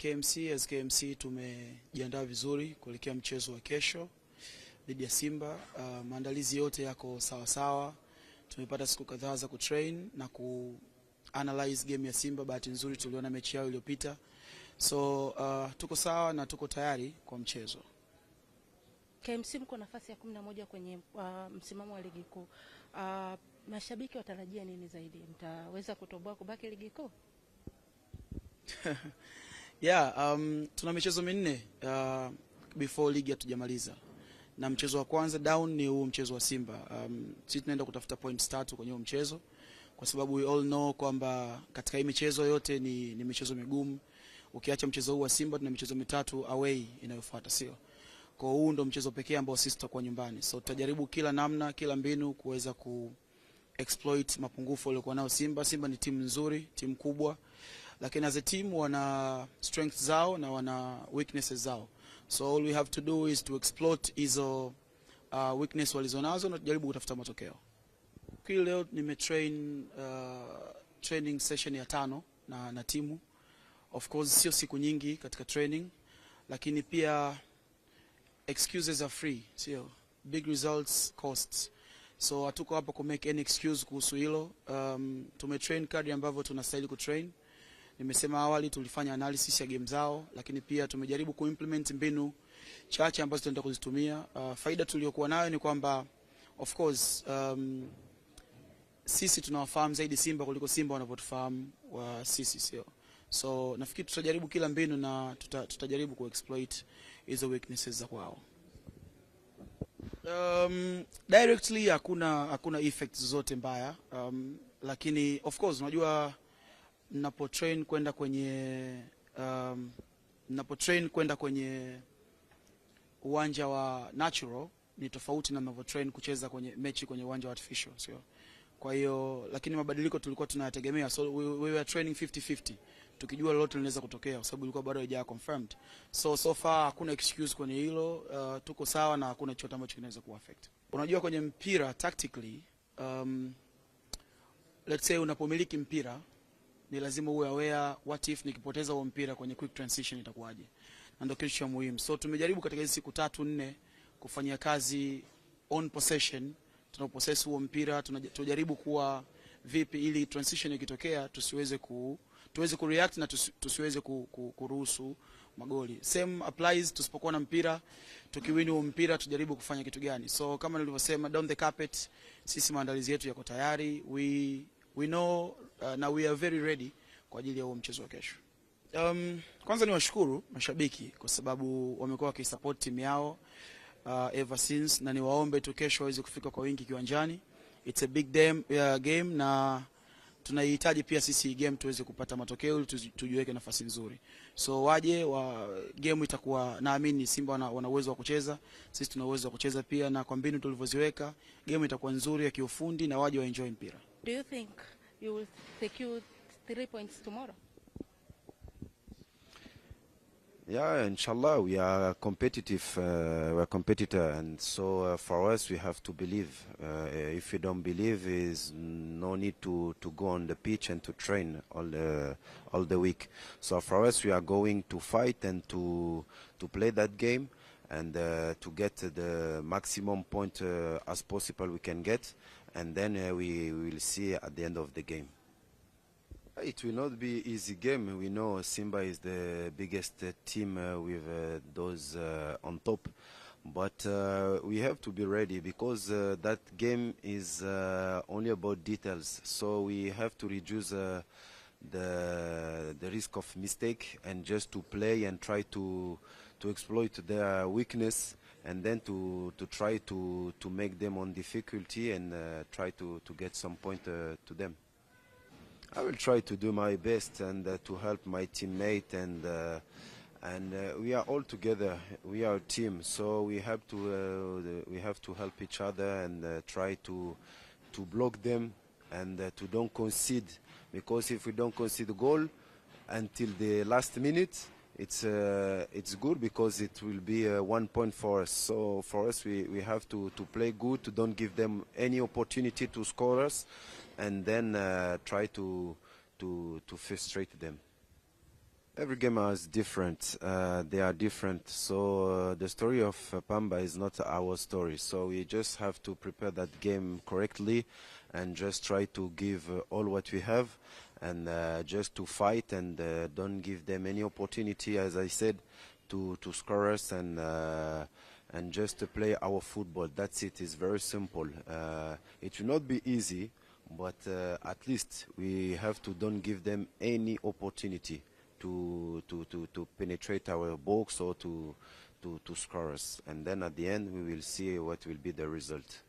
KMC as KMC tumejiandaa vizuri kuelekea mchezo wa kesho dhidi ya Simba. Uh, maandalizi yote yako sawa sawa. Tumepata siku kadhaa za kutrain na ku analyze game ya Simba. Bahati nzuri tuliona mechi yao iliyopita, so uh, tuko sawa na tuko tayari kwa mchezo. KMC mko nafasi ya 11 kwenye uh, msimamo wa ligi kuu. Uh, mashabiki watarajia nini zaidi? Mtaweza kutoboa kubaki ligi kuu? Yeah, um, tuna michezo minne uh, before ligi hatujamaliza na mchezo wa kwanza down ni huu mchezo wa Simba. Um, sisi tunaenda kutafuta points tatu kwenye huu mchezo kwa sababu we all know kwamba katika hii michezo yote ni, ni michezo migumu. Ukiacha mchezo huu wa Simba tuna michezo mitatu away inayofuata, sio? Kwa huu ndo mchezo pekee ambao sisi tutakuwa nyumbani, so tutajaribu kila namna, kila mbinu kuweza ku exploit mapungufu waliokuwa nao Simba. Simba ni timu nzuri, timu kubwa lakini as a team wana strength zao na wana weaknesses zao, so all we have to do is to exploit hizo uh, weakness walizonazo na tujaribu kutafuta matokeo. Kwa leo nimetrain uh, training session ya tano na, na timu. Of course sio siku nyingi katika training, lakini pia excuses are free, sio big results costs so hatuko hapa ku make any excuse kuhusu hilo. Um, tumetrain kadri ambavyo tunastahili kutrain. Nimesema awali tulifanya analysis ya game zao, lakini pia tumejaribu kuimplement mbinu chache ambazo tunaenda kuzitumia. Uh, faida tuliyokuwa nayo ni kwamba of course um, sisi tunawafahamu zaidi Simba kuliko Simba wanavyotufahamu wa uh, sisi, sio? So nafikiri tutajaribu kila mbinu na tuta, tutajaribu kuexploit hizo weaknesses za kwao. Um, directly hakuna hakuna effects zote mbaya um, lakini of course unajua mnapotrain kwenda kwenye um, train kwenda kwenye uwanja wa natural ni tofauti na train kucheza kwenye mechi kwenye uwanja wa artificial, sio? Kwa hiyo lakini mabadiliko tulikuwa tunayategemea, so we, we were training 50 50 tukijua lolote linaweza kutokea, kwa sababu ilikuwa bado haijawa confirmed. So so far hakuna excuse kwenye hilo. Uh, tuko sawa na hakuna chochote ambacho kinaweza kuaffect. Unajua, kwenye mpira tactically, um, let's say unapomiliki mpira ni lazima uwe aware what if nikipoteza huo mpira kwenye quick transition itakuwaje, na ndio kitu cha muhimu. So tumejaribu katika hizi siku tatu nne kufanya kazi on possession, tunapossess huo mpira tunajaribu kuwa vipi ili transition ikitokea tusiweze ku tuweze kureact na tusiweze ku, ku, kuruhusu magoli. Same applies tusipokuwa na mpira, tukiwini huo mpira tujaribu kufanya kitu gani? So kama nilivyosema, down the carpet, sisi maandalizi yetu yako tayari we we know uh, na we are very ready kwa ajili ya huo mchezo wa kesho. Um, kwanza ni washukuru mashabiki kwa sababu wamekuwa wakisupport timu yao uh, ever since na niwaombe tu kesho waweze kufika kwa wingi kiwanjani. It's a big game, uh, game na tunaihitaji pia sisi game tuweze kupata matokeo ili tujiweke nafasi nzuri. So waje wa game itakuwa, naamini Simba wana uwezo wa kucheza, sisi tuna uwezo wa kucheza pia, na kwa mbinu tulivyoziweka game itakuwa nzuri ya kiufundi, na waje wa enjoy mpira. do you think you will secure three points tomorrow? Yeah, inshallah, we are competitive. Uh, we're a competitor, and so uh, for us, we have to believe. Uh, if you don't believe, is no need to, to go on the pitch and to train all the all the week. So for us, we are going to fight and to to play that game and uh, to get the maximum point uh, as possible we can get and then uh, we will see at the end of the game. It will not be easy game. We know Simba is the biggest uh, team uh, with uh, those uh, on top, but uh, we have to be ready because that game is only about details. So we have to reduce the the risk of mistake and just to play and try to to exploit their weakness and then to, to try to, to make them on difficulty and uh, try to, to get some point uh, to them. I will try to do my best and uh, to help my teammate and uh, and uh, we are all together. We are a team, so we have to uh, we have to help each other and try to to block them and to don't concede because if we don't concede goal until the last minute, it's uh, it's good because it will be uh, one point for us. So for us, we, we have to, to play good, to don't give them any opportunity to score us, and then uh, try to to to frustrate them. Every game is different. Uh, they are different. So uh, the story of uh, Pamba is not our story. So we just have to prepare that game correctly, and just try to give all what we have, and uh, just to fight and uh, don't give them any opportunity, as I said, to, to score us and, uh, and just to play our football. That's it. It's very simple. Uh, it will not be easy, but uh, at least we have to don't give them any opportunity to, to, to, to penetrate our box or to, to, to score us. And then at the end, we will see what will be the result.